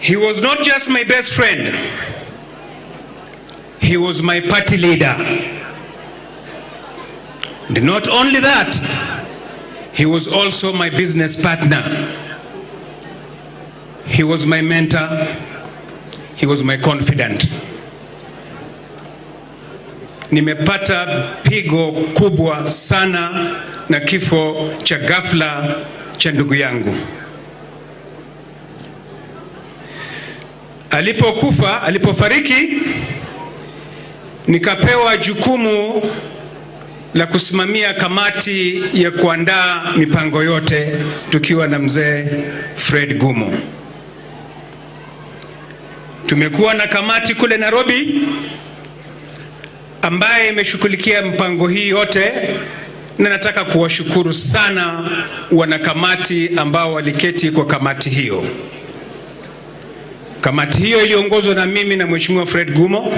He was not just my best friend. He was my party leader. And not only that, he was also my business partner. He was my mentor. He was my confidant. Nimepata pigo kubwa sana na kifo cha ghafla cha ndugu yangu. Alipokufa, alipofariki, nikapewa jukumu la kusimamia kamati ya kuandaa mipango yote tukiwa na mzee Fred Gumo. Tumekuwa na kamati kule Nairobi ambaye imeshughulikia mpango hii yote, na nataka kuwashukuru sana wanakamati ambao waliketi kwa kamati hiyo. Kamati hiyo iliongozwa na mimi na Mheshimiwa Fred Gumo,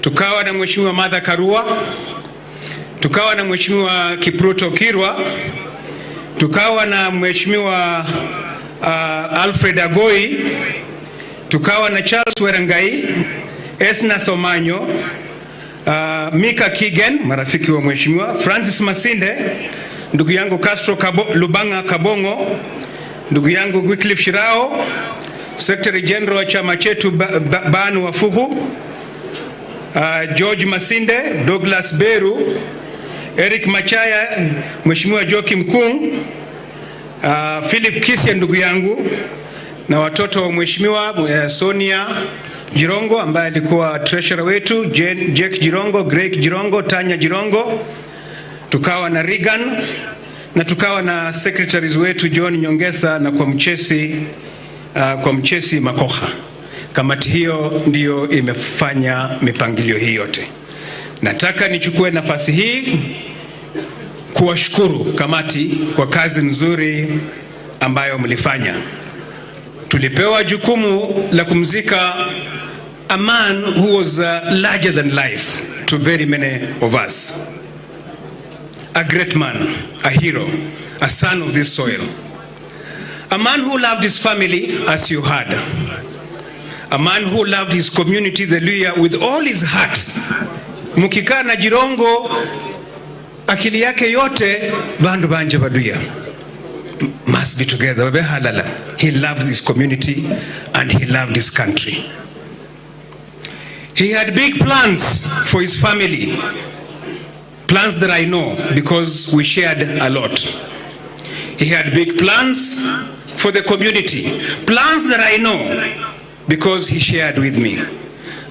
tukawa na Mheshimiwa Martha Karua, tukawa na Mheshimiwa Kipruto Kirwa, tukawa na Mheshimiwa uh, Alfred Agoi, tukawa na Charles Werangai, Esna Somanyo, uh, Mika Kigen, marafiki wa Mheshimiwa Francis Masinde, ndugu yangu Castro Kabo, Lubanga Kabongo, ndugu yangu Wycliffe Shirao Secretary General wa chama chetu Banu Wafuhu, uh, George Masinde, Douglas Beru, Eric Machaya, Mheshimiwa Joki Mkuu, uh, Philip Kisia ndugu yangu na watoto wa Mheshimiwa uh, Sonia Jirongo ambaye alikuwa treasurer wetu, jack Jirongo, Greg Jirongo, Tanya Jirongo, tukawa na Regan na tukawa na secretaries wetu John Nyongesa na kwa mchesi uh, kwa mchesi Makoha. Kamati hiyo ndiyo imefanya mipangilio hii yote. Nataka nichukue nafasi hii kuwashukuru kamati kwa kazi nzuri ambayo mlifanya. Tulipewa jukumu la kumzika a man who was uh, larger than life to very many of us, a great man, a hero, a son of this soil A man who loved his family as you heard. A man who loved his community the Luya with all his heart. Mukika na Jirongo akili yake yote bandu banje Luya. must be together babe halala he loved his community and he loved his country he had big plans for his family plans that I know because we shared a lot he had big plans for the community, plans that I know because he shared with me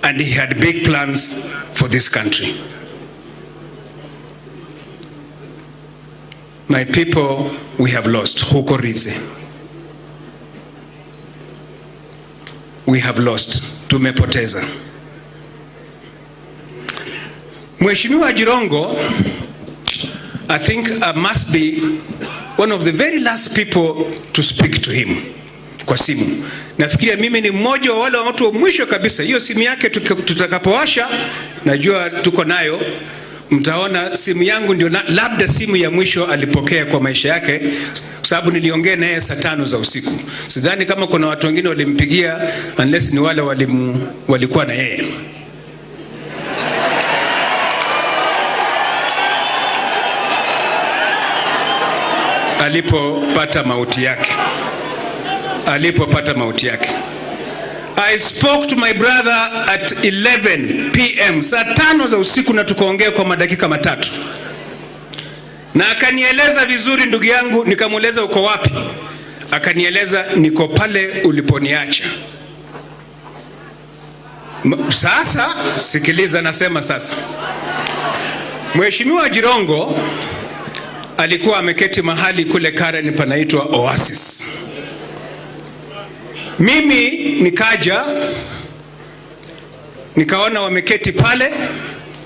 and he had big plans for this country. My people, we have lost. hukorize We have lost. Tumepoteza. mweshimiwa Jirongo, I think I uh, must be one of the very last people to speak to him kwa simu. Nafikiria mimi ni mmoja wa wale watu wa mwisho kabisa. Hiyo simu yake tutakapowasha, najua tuko nayo, mtaona simu yangu ndio labda simu ya mwisho alipokea kwa maisha yake, kwa sababu niliongea naye saa tano za usiku. Sidhani kama kuna watu wengine walimpigia, unless ni wale walikuwa na yeye. alipopata mauti yake, alipopata mauti yake. I spoke to my brother at 11 pm, saa tano za usiku, na tukaongea kwa madakika matatu na akanieleza vizuri, ndugu yangu. Nikamueleza uko wapi? Akanieleza niko pale uliponiacha. Sasa sikiliza, nasema sasa, Mheshimiwa Jirongo alikuwa ameketi mahali kule Karen panaitwa Oasis. Mimi nikaja nikaona wameketi pale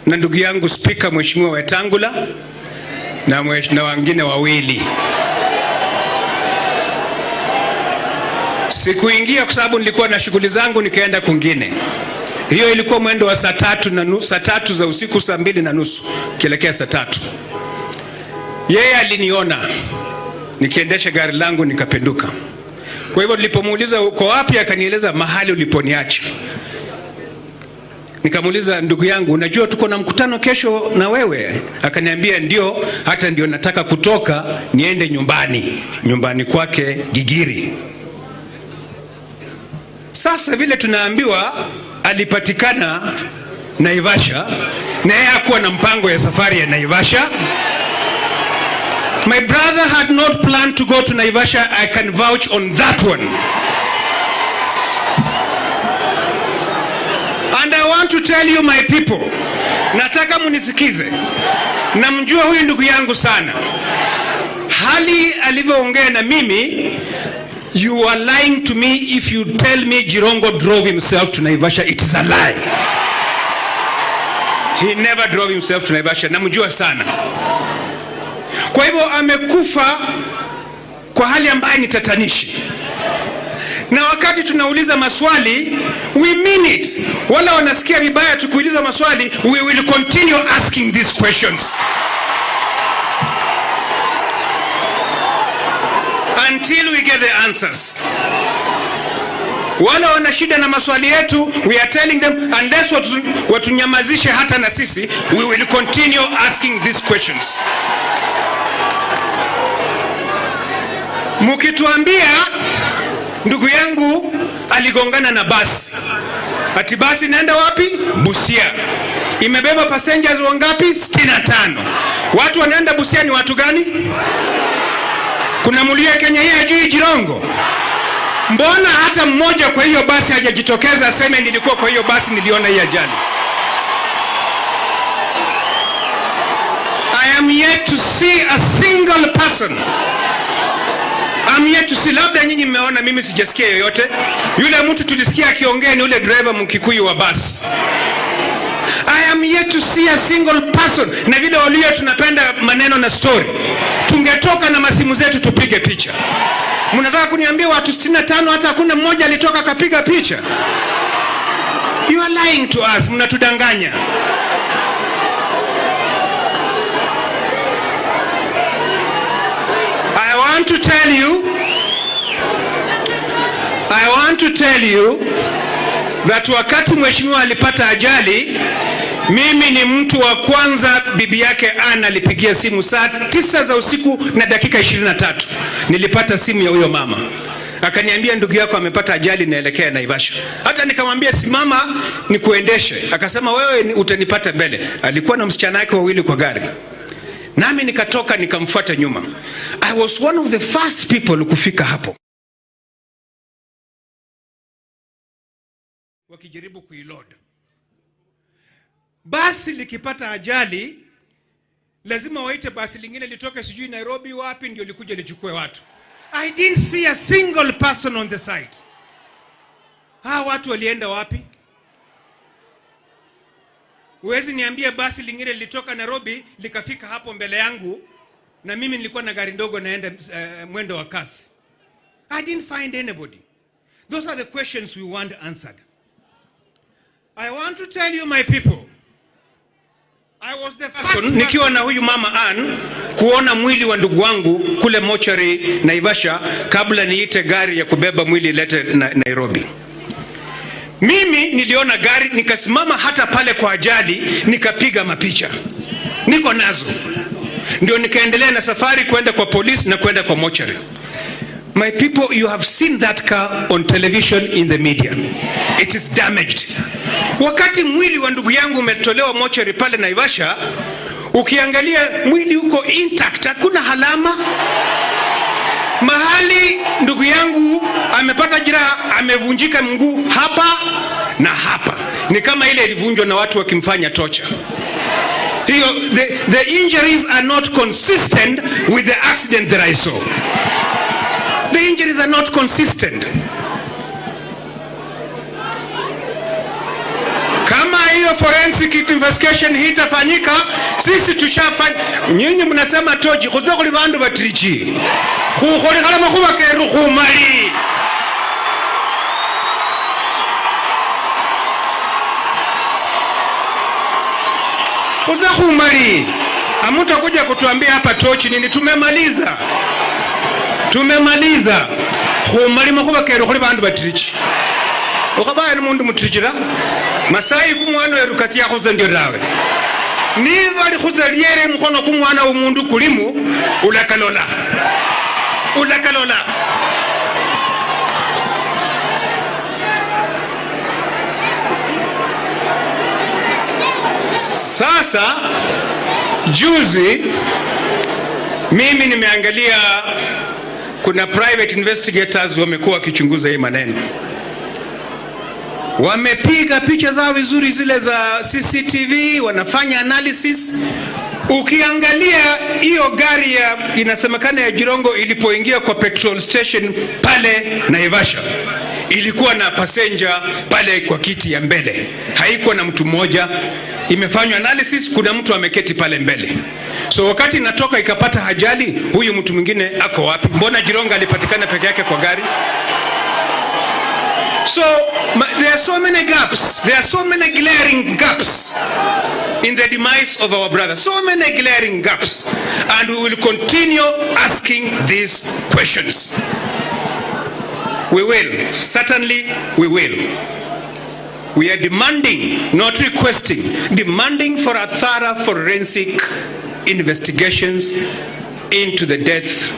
na ndugu yangu spika Mheshimiwa Wetangula na, na wengine wawili. Sikuingia kwa sababu nilikuwa na shughuli zangu, nikaenda kwingine. Hiyo ilikuwa mwendo wa saa tatu na nusu, saa tatu za usiku, saa mbili na nusu kielekea saa tatu. Yeye aliniona nikiendesha gari langu nikapenduka. Kwa hivyo nilipomuuliza uko wapi, akanieleza mahali uliponiacha. Nikamuuliza, ndugu yangu, unajua tuko na mkutano kesho na wewe? Akaniambia ndio, hata ndio nataka kutoka niende nyumbani, nyumbani kwake Gigiri. Sasa vile tunaambiwa alipatikana Naivasha na yeye hakuwa na mpango ya safari ya Naivasha. My brother had not planned to go to Naivasha. I can vouch on that one. And I want to tell you my people, nataka munisikize. Namjua huyu ndugu yangu sana. Hali alivyoongea na mimi, you are lying to me if you tell me Jirongo drove himself to Naivasha. It is a lie. He never drove himself to Naivasha. Namjua sana. Kwa hivyo amekufa kwa hali ambayo ni tatanishi, na wakati tunauliza maswali we mean it. Wala wanasikia vibaya tukiuliza maswali, we will continue asking these questions until we get the answers. Wala wana shida na maswali yetu, we are telling them unless watunyamazishe hata na sisi, we will continue asking these questions. mkituambia ndugu yangu aligongana na basi, ati basi naenda wapi? Busia. Imebeba passengers wangapi? 65. Watu wanaenda Busia ni watu gani? Kuna mulia Kenya hii ajui Jirongo? Mbona hata mmoja kwa hiyo basi hajajitokeza aseme nilikuwa kwa hiyo basi niliona hii ajali? I am yet to see a single person damu yetu, si labda nyinyi mmeona, mimi sijasikia yoyote. Yule mtu tulisikia akiongea ni yule driver mkikuyu wa basi. I am yet to see a single person. Na vile walio tunapenda maneno na story, tungetoka na masimu zetu tupige picha. Mnataka kuniambia watu 65 hata hakuna mmoja alitoka akapiga picha? You are lying to us, mnatudanganya. want to tell you, I want to tell you that wakati mheshimiwa alipata ajali, mimi ni mtu wa kwanza bibi yake Anna alipigia simu saa tisa za usiku na dakika 23. Nilipata simu ya huyo mama akaniambia ndugu yako amepata ajali, naelekea Naivasha. Hata nikamwambia simama nikuendeshe, akasema wewe utanipata mbele. Alikuwa na msichana wake wawili kwa gari nami nikatoka nikamfuata nyuma. I was one of the first people kufika hapo, wakijaribu kuiload. Basi likipata ajali, lazima waite basi lingine litoke, sijui Nairobi wapi, ndio likuja lichukue watu. I didn't see a single person on the site. Hawa watu walienda wapi? Huwezi niambie basi lingine lilitoka Nairobi likafika hapo mbele yangu, na mimi nilikuwa na gari ndogo naenda uh, mwendo wa kasi. I didn't find anybody. Those are the questions we want answered. I want to tell you my people. I was the first nikiwa na huyu mama Ann kuona mwili wa ndugu wangu kule mochari Naivasha kabla niite gari ya kubeba mwili ilete Nairobi. Mimi niliona gari nikasimama hata pale kwa ajali nikapiga mapicha, niko nazo, ndio nikaendelea na safari kwenda kwa polisi na kwenda kwa mochari. My people, you have seen that car on television in the media. It is damaged. Wakati mwili wa ndugu yangu umetolewa mochari pale Naivasha, ukiangalia mwili uko intact, hakuna halama mahali ndugu yangu amepata jeraha, amevunjika mguu hapa na hapa, ni kama ile ilivunjwa na watu wakimfanya tocha hiyo. The, the injuries are not consistent with the accident that I saw. The injuries are not consistent. hiyo forensic investigation hii hitafanyika, sisi tushafanya. Nyinyi mnasema toji khuze kuli bandu ba 3G batiriji khukholekhala makhuba keru khumali khuze khumali kuja kutuambia hapa tochi nini? Tumemaliza, tumemaliza khumali makhuba keru khuli bandu 3G ukhabaye ni mundu mutirichira masayi gumwana weru kasyakhusa ndirawe niba likhusa liere mukhono kumwana womundu kulimu ulakalola ulakalola Sasa juzi mimi nimeangalia kuna private investigators wamekuwa wakichunguza hii maneno wamepiga picha zao vizuri zile za CCTV, wanafanya analysis. Ukiangalia hiyo gari ya inasemekana ya Jirongo ilipoingia kwa petrol station pale Naivasha ilikuwa na passenger pale kwa kiti ya mbele, haikuwa na mtu mmoja. Imefanywa analysis, kuna mtu ameketi pale mbele. So wakati inatoka ikapata ajali, huyu mtu mwingine ako wapi? Mbona Jirongo alipatikana peke yake kwa gari? So there are so many gaps. There are so many glaring gaps in the demise of our brother. So many glaring gaps. And we will continue asking these questions. We will. Certainly, we will. We are demanding, not requesting, demanding for a thorough forensic investigations into the death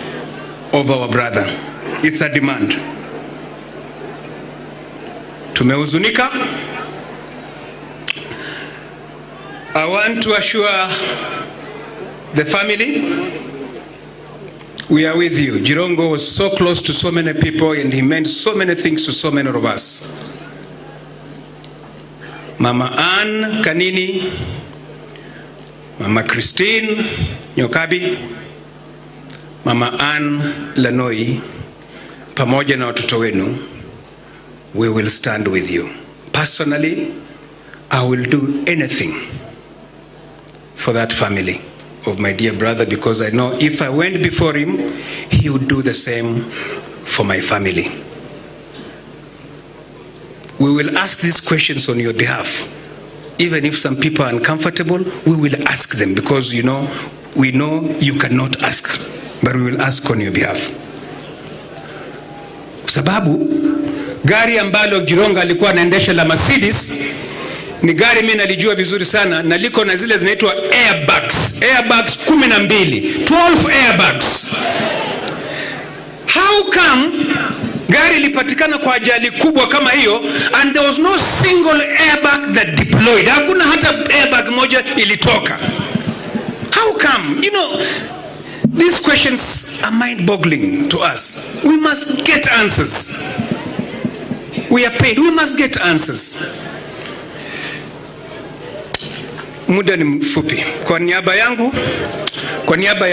of our brother. It's a demand. Tumehuzunika. I want to assure the family we are with you. Jirongo was so close to so many people and he meant so many things to so many of us. Mama Ann Kanini, Mama Christine Nyokabi, Mama Ann Lanoi pamoja na watoto wenu we will stand with you. Personally, I will do anything for that family of my dear brother because I know if I went before him, he would do the same for my family. We will ask these questions on your behalf. Even if some people are uncomfortable, we will ask them because you know, we know you cannot ask, but we will ask on your behalf. Sababu Gari ambalo Jironga alikuwa anaendesha la Mercedes ni gari mimi nalijua vizuri sana na liko na zile zinaitwa airbags, airbags 12, 12 airbags. How come gari ilipatikana kwa ajali kubwa kama hiyo and there was no single airbag that deployed? Hakuna hata airbag moja ilitoka. How come? You know, these questions are mind-boggling to us. We must get answers. We are paid. We must get answers. Muda ni mfupi. Kwa niaba yangu, kwa niaba